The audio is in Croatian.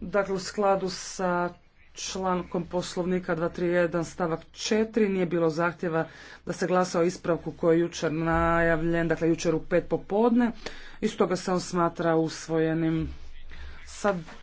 Dakle, u skladu sa člankom poslovnika 231 stavak 4 nije bilo zahtjeva da se glasa o ispravku koji je jučer najavljen, dakle jučer u pet popodne i stoga se on smatra usvojenim. Sad